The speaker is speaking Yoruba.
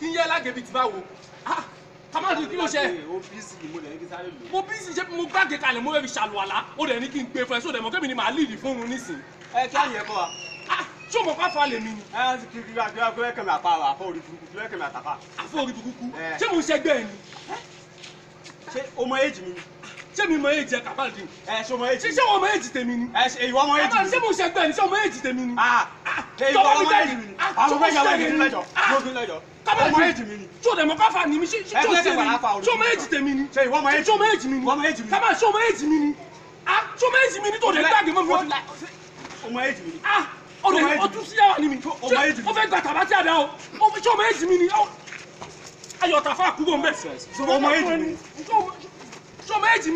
kí n yẹ alágẹ̀bí ti bá wo kamadu ah, kí ló ṣe. mo bísí ṣe mo gbàgé kalẹ̀ mo fẹ́ fi ṣàlùwàlà ó dẹ̀ ní kí n gbé fún ẹ sódẹ̀ mọ́ kẹ́mi ni màá líìdì fún un nísìn. ẹ kí àyè bọ̀ wá. ṣé o mọ̀ fà falẹ̀ mi ni. ẹ ti kiri wa kí wọ́n fẹ́ kẹ́mi àpá wa àfọ orí burúkú fẹ́ kẹ́mi àtàpá. àfọ orí burúkú ṣé mo ń ṣẹgbẹ́ ẹ ni. ṣé o mọ èjì mi ni ṣé mi mọ èjì ẹ kàbáàdì. ẹ ṣé o mọ èjì. ṣé o mọ èjì tèmi ni. ẹ ṣe ìwọ mọ èjì. ẹ ṣé mo ṣẹgbẹ́ ẹ ni ṣé o mọ èjì tèmi ni. Ah, jọba mi ni àwọn bẹ́ẹ̀ yàwó ìdílé lẹ́jọ́ ló fi lẹ́jọ́ mi ni tí o dẹ̀ mọ káfa ah, ni mi ṣe ṣe ṣe mi ṣe ọmọ èjì tèmi ni ṣe ìwọ ọmọ èjì mi ni kábẹ́ ṣe ọmọ èjì mi ni ah ṣe ọmọ èjì mi ni tó dẹ̀ gbàgbé mọ́ mi wọ́n ọmọ èjì mi ni ah ọ̀rẹ́ ọdún sí yàrá ni mi o fẹ́ gba tàbá tí a dá